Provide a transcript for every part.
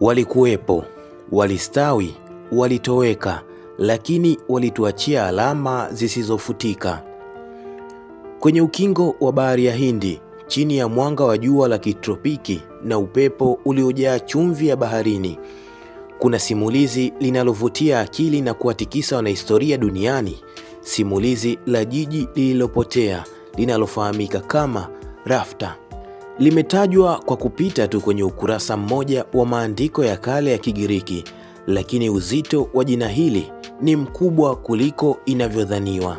Walikuwepo, walistawi, walitoweka, lakini walituachia alama zisizofutika. Kwenye ukingo wa bahari ya Hindi, chini ya mwanga wa jua la kitropiki na upepo uliojaa chumvi ya baharini, kuna simulizi linalovutia akili na kuwatikisa wanahistoria duniani, simulizi la jiji lililopotea linalofahamika kama Rafta limetajwa kwa kupita tu kwenye ukurasa mmoja wa maandiko ya kale ya Kigiriki, lakini uzito wa jina hili ni mkubwa kuliko inavyodhaniwa.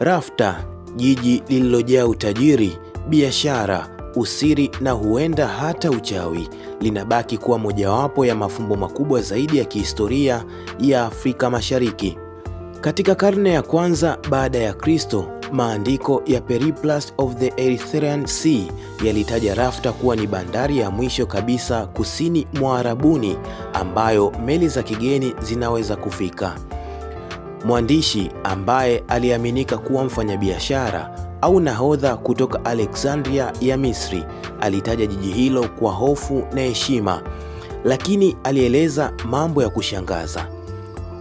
Rafta, jiji lililojaa utajiri, biashara, usiri na huenda hata uchawi, linabaki kuwa mojawapo ya mafumbo makubwa zaidi ya kihistoria ya Afrika Mashariki. Katika karne ya kwanza baada ya Kristo, Maandiko ya Periplus of the Erythraean Sea yalitaja Rafta kuwa ni bandari ya mwisho kabisa kusini mwa Arabuni ambayo meli za kigeni zinaweza kufika. Mwandishi ambaye aliaminika kuwa mfanyabiashara au nahodha kutoka Alexandria ya Misri alitaja jiji hilo kwa hofu na heshima, lakini alieleza mambo ya kushangaza.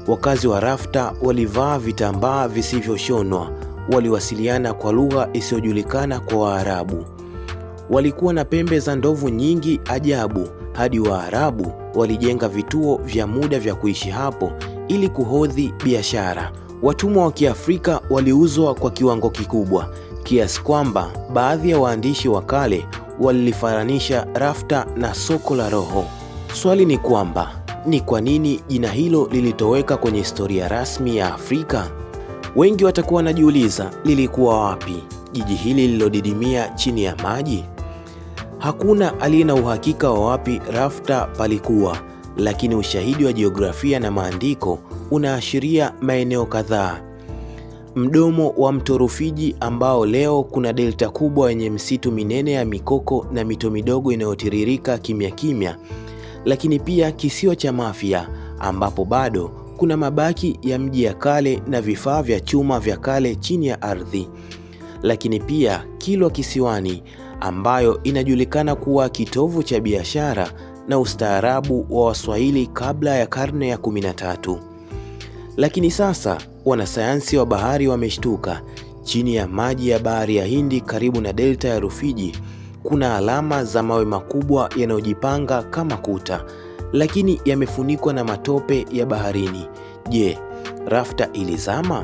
Wakazi wa Rafta walivaa vitambaa visivyoshonwa waliwasiliana kwa lugha isiyojulikana kwa Waarabu. Walikuwa na pembe za ndovu nyingi ajabu hadi Waarabu walijenga vituo vya muda vya kuishi hapo ili kuhodhi biashara. Watumwa wa Kiafrika waliuzwa kwa kiwango kikubwa kiasi kwamba baadhi ya waandishi wa kale walilifananisha rafta na soko la roho. Swali ni kwamba ni kwa nini jina hilo lilitoweka kwenye historia rasmi ya Afrika? Wengi watakuwa wanajiuliza lilikuwa wapi jiji hili lilodidimia chini ya maji? Hakuna aliye na uhakika wa wapi Rafta palikuwa, lakini ushahidi wa jiografia na maandiko unaashiria maeneo kadhaa. Mdomo wa mto Rufiji ambao leo kuna delta kubwa yenye misitu minene ya mikoko na mito midogo inayotiririka kimya kimya, lakini pia kisiwa cha Mafia ambapo bado kuna mabaki ya mji ya kale na vifaa vya chuma vya kale chini ya ardhi, lakini pia Kilwa Kisiwani ambayo inajulikana kuwa kitovu cha biashara na ustaarabu wa Waswahili kabla ya karne ya 13. Lakini sasa wanasayansi wa bahari wameshtuka. Chini ya maji ya bahari ya Hindi karibu na delta ya Rufiji kuna alama za mawe makubwa yanayojipanga kama kuta lakini yamefunikwa na matope ya baharini. Je, rafta ilizama?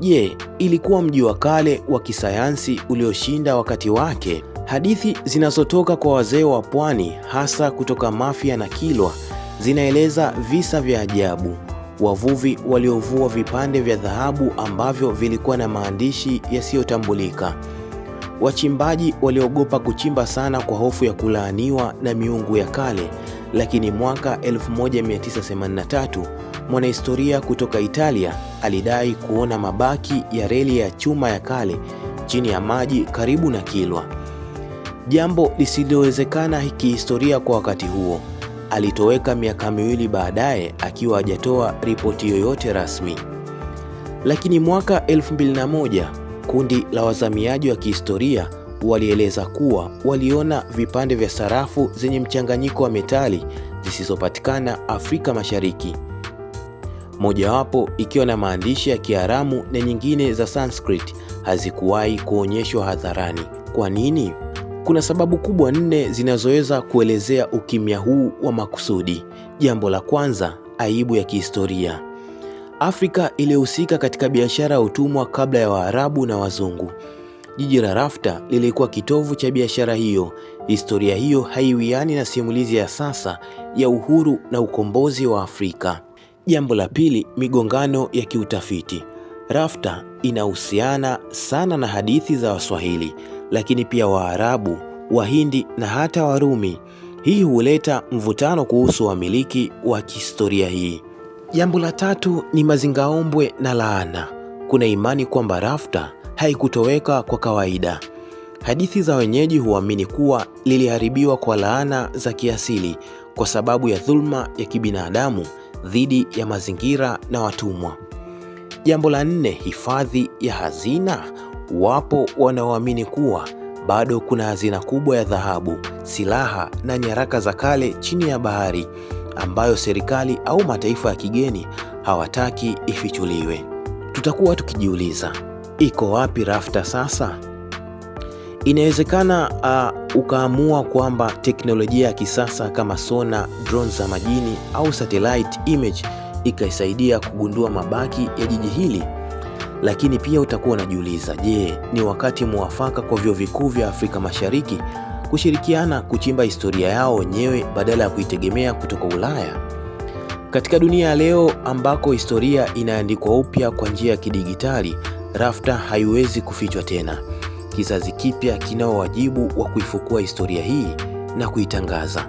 Je, ilikuwa mji wa kale wa kisayansi ulioshinda wakati wake? Hadithi zinazotoka kwa wazee wa pwani, hasa kutoka Mafia na Kilwa, zinaeleza visa vya ajabu. Wavuvi waliovua vipande vya dhahabu ambavyo vilikuwa na maandishi yasiyotambulika. Wachimbaji waliogopa kuchimba sana kwa hofu ya kulaaniwa na miungu ya kale lakini mwaka 1983 mwanahistoria kutoka Italia alidai kuona mabaki ya reli ya chuma ya kale chini ya maji karibu na Kilwa, jambo lisilowezekana kihistoria kwa wakati huo. Alitoweka miaka miwili baadaye akiwa hajatoa ripoti yoyote rasmi. Lakini mwaka 2001 kundi la wazamiaji wa kihistoria walieleza kuwa waliona vipande vya sarafu zenye mchanganyiko wa metali zisizopatikana Afrika Mashariki, mojawapo ikiwa na maandishi ya Kiaramu na nyingine za Sanskrit hazikuwahi kuonyeshwa hadharani. Kwa nini? Kuna sababu kubwa nne zinazoweza kuelezea ukimya huu wa makusudi. Jambo la kwanza, aibu ya kihistoria. Afrika ilihusika katika biashara ya utumwa kabla ya Waarabu na Wazungu. Jiji la Rafta lilikuwa kitovu cha biashara hiyo. Historia hiyo haiwiani na simulizi ya sasa ya uhuru na ukombozi wa Afrika. Jambo la pili, migongano ya kiutafiti. Rafta inahusiana sana na hadithi za Waswahili, lakini pia Waarabu, Wahindi na hata Warumi. Hii huleta mvutano kuhusu wamiliki wa kihistoria hii. Jambo la tatu ni mazingaombwe na laana. Kuna imani kwamba Rafta haikutoweka kwa kawaida. Hadithi za wenyeji huamini kuwa liliharibiwa kwa laana za kiasili kwa sababu ya dhulma ya kibinadamu dhidi ya mazingira na watumwa. Jambo la nne, hifadhi ya hazina. Wapo wanaoamini kuwa bado kuna hazina kubwa ya dhahabu, silaha na nyaraka za kale chini ya bahari ambayo serikali au mataifa ya kigeni hawataki ifichuliwe. Tutakuwa tukijiuliza iko wapi Rafta sasa? Inawezekana uh, ukaamua kwamba teknolojia ya kisasa kama sona, drone za majini au satellite image ikaisaidia kugundua mabaki ya jiji hili. Lakini pia utakuwa unajiuliza, je, ni wakati mwafaka kwa vyuo vikuu vya Afrika Mashariki kushirikiana kuchimba historia yao wenyewe badala ya kuitegemea kutoka Ulaya? Katika dunia ya leo ambako historia inaandikwa upya kwa njia ya kidigitali Rafta haiwezi kufichwa tena. Kizazi kipya kinao wajibu wa kuifukua historia hii na kuitangaza.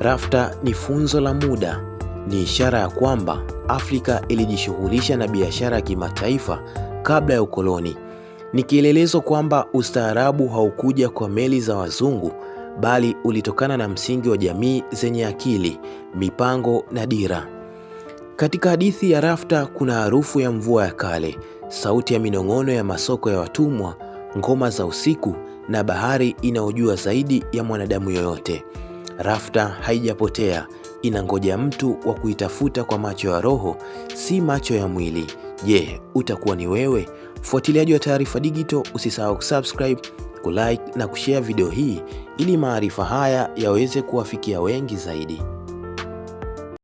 Rafta ni funzo la muda, ni ishara ya kwamba Afrika ilijishughulisha na biashara ya kimataifa kabla ya ukoloni. Ni kielelezo kwamba ustaarabu haukuja kwa meli za wazungu bali ulitokana na msingi wa jamii zenye akili, mipango na dira. Katika hadithi ya Rafta kuna harufu ya mvua ya kale, sauti ya minong'ono ya masoko ya watumwa, ngoma za usiku na bahari inayojua zaidi ya mwanadamu yoyote. Rafta haijapotea, inangoja mtu wa kuitafuta kwa macho ya roho, si macho ya mwili. Je, utakuwa ni wewe? Mfuatiliaji wa Taarifa Digital, usisahau kusubscribe, kulike na kushare video hii ili maarifa haya yaweze kuwafikia wengi zaidi.